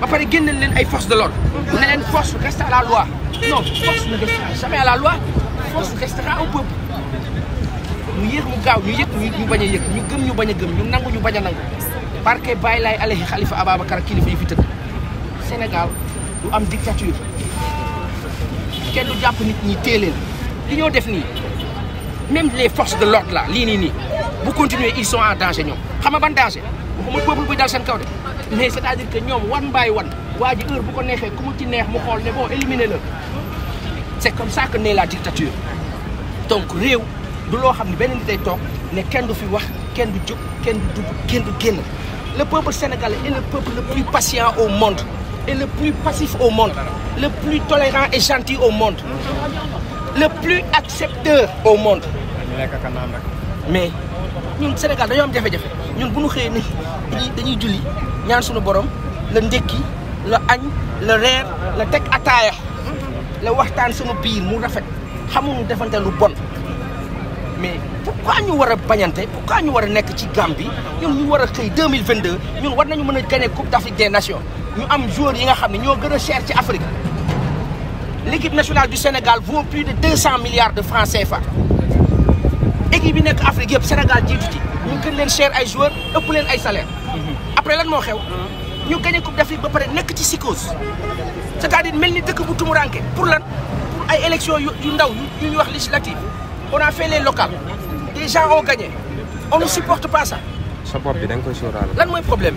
ba pare génneel leen ay forces de l'ordre ne leen force reste à la loi non force ne restera jamais à la loi force restera au peuple ñu yéex mu gaaw ñu yëg ñu bañ a yëg ñu gëm ñu bañ a gëm ñu nangu ñu bañ a nangu parce que bàyyi laay alayi xalifa ababacar yi fi tëdd sénégal du am dictature kenn du jàpp nit ñi téeleen li ñoo def nii même les forces de l'ordre là lii ni ni bu continuer ils sont en danger ñoom xam nga ban danger waxuma peuple buy dal seen kaw mais c'est-à-dire que nous one by one waa heure bu ko nexé ku mu ci mu éliminer c'est comme ça que naît la dictature donc rew du lo xamni ne day ne kenn du fi wax kenn du jóg kenn du dub kenn du génn le peuple sénégalais est le peuple le plus patient au monde et le plus passif au monde le plus tolérant et gentil au monde le plus accepteur au monde mais ñun Sénégal dañu am Nous, jafé ñun bu ñu xëyee ni dañuy dañuy julli ñaan suñu borom la ndékki la añ la reer la teg ataaya la waxtaan suñu biir mu rafet xamuñu defante lu bon mais pourquoi ñu war a bañante pourquoi ñu war a nekk ci gambi ñun ñu war a xëy 2022 ñun war nañu mën a gagné coupe d'afrique des nations ñu am joueurs yi nga xam ne ñoo gën a cher ci Afrique l' équipe nationale du Sénégal vaut plus de 200 milliards de francs CFA. équipe bi nekk Afrique yëpp Sénégal jiitu ci ñu gën leen cher ay joueurs ëpp leen ay salaire après lan mo xew ñu gagné coupe d'afrique ba paré nek ci psychose c'est à dire melni dëkk bu tumu ranké pour lan pour ay élection yu ndaw yu ñu wax législative on a fait les locales les gens ont gagné on ne supporte pas ça sa bop bi dang koy soral lan moy problème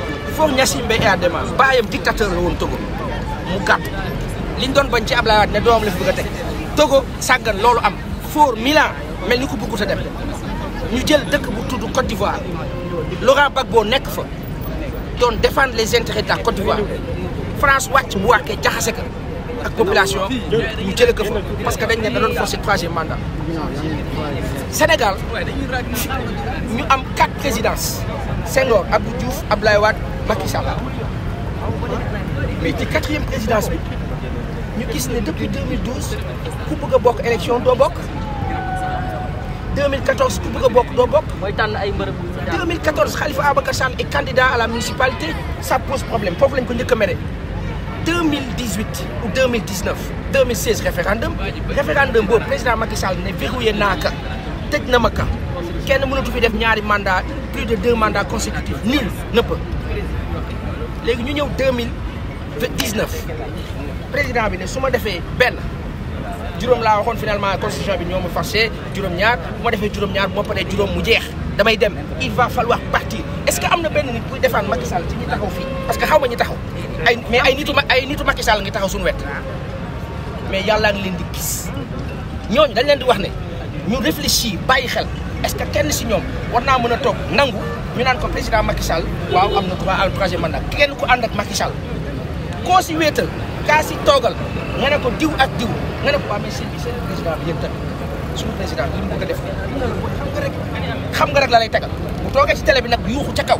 fo ñasimɓe eadema mbayam dictateur won togo mu gat liñ doon bañ ci ablaywat ne doom la fi bëgg a teg togo sàggan loolu am for milan mel ni ko bëggut a dem ñu jël dëkk bu tudd côte d'ivoire laurent bagbo nekk fa doon défendre les intérêts de la côte d'ivoire france wàcc bu wàkkee jaxase ka la population ñu jëlee le fa parce que dañ ne da doon troisième mandat Sénégal nous am quatre présidences Senghor Abdou Diouf Abdoulaye Wade Macky Sall mais ci quatrième présidence bi ñu gis né depuis 2012 ku bëgg eu élection do bok 2014 ku bëgg eu l'élection. bok moy ay 2014 Khalifa Ababacar est candidat à la municipalité ça pose problème foofu lañ ko njëkk méré 2018 ou 2019 2016 référendum référendum bon, président Macky Sall ne verrouillé n'aka, tête tëj na ma ka kenn peut fi def plus de deux mandats consécutifs nul ne peut léegi ñu le 2019 président bi ne su ma defee benn juróom laa waxoon finalement constitution bi ñoo ma forcé juróom-ñaar bu ma defee juróom-ñaar le ma paree juróom mu jeex damay dem il va falloir partir est-ce qu'il y a un nit pour défendre Macky Sall ci que taxaw fii parce que xaw ma ñi ay mais ay nitu ay nitu Macky Sall ngi taxaw suñu wet mais yàllaa ngi leen di gis ñooñu dañ leen di wax ne ñu réfléchir bàyyi xel est-ce que kenn si ñoom war naa mën a toog nangu ñu naan ko président Macky Sall waaw xam na droit à troisième mandat kenn ku ànd ak Macky Sall koo si wéetal kaa si toogal nga ne ko diw ak diw nga ne ko waa mais seen bi seen président bi yéen tamit suñu président li mu bëgg a def xam nga rek la lay tegal bu toogee ci télé bi nag yuuxu ca kaw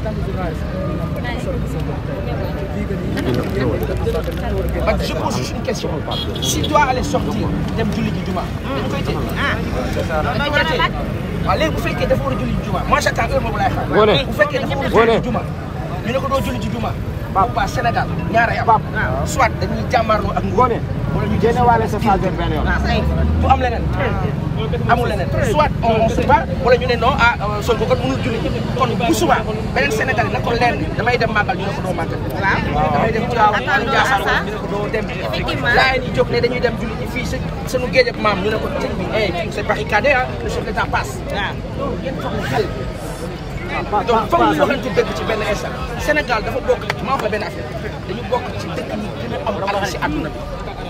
tant que journaliste man je pose juste une question si tu dois aller sortir dem julli ji juma. Ah. dañ koy téye ah. dañ koy téye waaw léegi bu fekkee dafa war a julli ji juma moi j'attends heure boobu laay xam. bu fekkee dafa war a julli ji juma ñu ne ko doo julli ji juma. Pape Pape Sénégal ñaar ay am. Ah, soit dañuy jàmmarloo ak. ngoone wala ñu génne waale sa phase benn yoon. bu am leneen. amul leneen soit on se bat wala ñu ne non ah euh, Sonko kon mënul julli kon bu beneen Sénégal na ko lenn damay dem màggal ñu ne ko doo màggal. waaw damay dem Tivaouane wala Ndiassane ñu ne ko doo dem. effectivement laa yi jóg ne dañuy dem julli ji fii sa sunu géej maam ñu ne ko tëj bi eh c'est barricadé ah le chef d'état passe. waaw loolu yéen foog xel. Ah, donc foog ñu waxante dëgg ci benn instant Sénégal dafa bokk maa wax la benn affaire dañu bokk ci dëkk yi gën a am alal si àdduna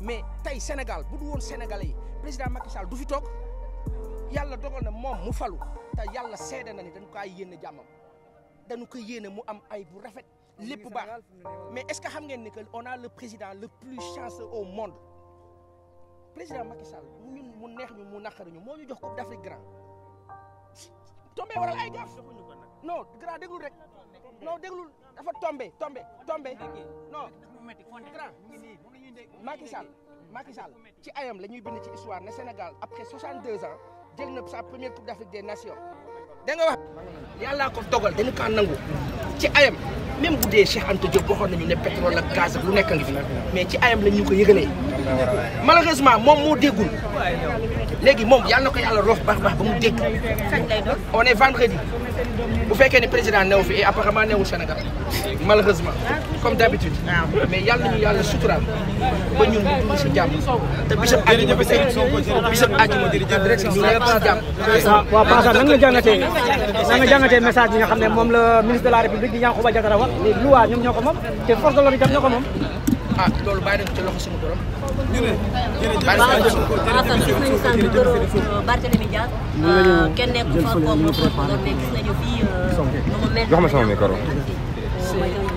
mais Tay Sénégal sénégalais président Macky Sall du fi tok yalla dogal na mom mu falu ta yalla sédé na ni dañ ko ay jammam am rafet mais est-ce que xam ngeen on a le président le plus chanceux au monde président Macky Sall mu ñun mu neex ñu mu ñu coupe d'Afrique grand tombé waral ay non grand déglul rek non déglul non Macky Sall Macky Sall ci ayam lañuy bind ci histoire ne Sénégal après 62 ans jël na sa première coupe d'Afrique des nations. da nga wax Yalla ko dogal dañu kaa nangu ci ayam même boudé Cheikh Anta Diop waxoon nañu ne pétrole ak gaz ak lu nekk ngi fi mais ci ayam lañ ko yëgalee. malheureusement mom mo déggul Légui mom Yalla na ko yàlla roof bax ba mu dégg. on est vendredi bu fekkee ne président néw fi et apparemment newul Sénégal malheureusement. comme d'habitude mais yàlla nañu yàlla suturaal ba ñun ñu dund si jàmm te bisab àjjuma bisab àjjuma rek si jàmm. waaw Pape nan nga jàngatee nan nga jàngatee message bi nga xam ne moom la ministre de la république di Yankhoba Diattara wax léegi lu waa ñoom ñoo ko moom te force de l'ordre itam ñoo ko moom. ah loolu bàyyi nañu ci loxo suñu borom. Barthélémy Dias euh, kenn nekk fa kooku euh, nekk nañu fii. Euh, jox ma sama micro.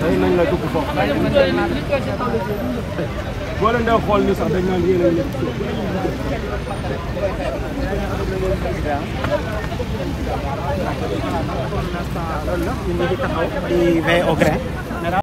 tey nañ la dugg foofu boo leen dee xool sax dañ naan yéen a ngi nekk loolu nag ñu ngi taxaw di veille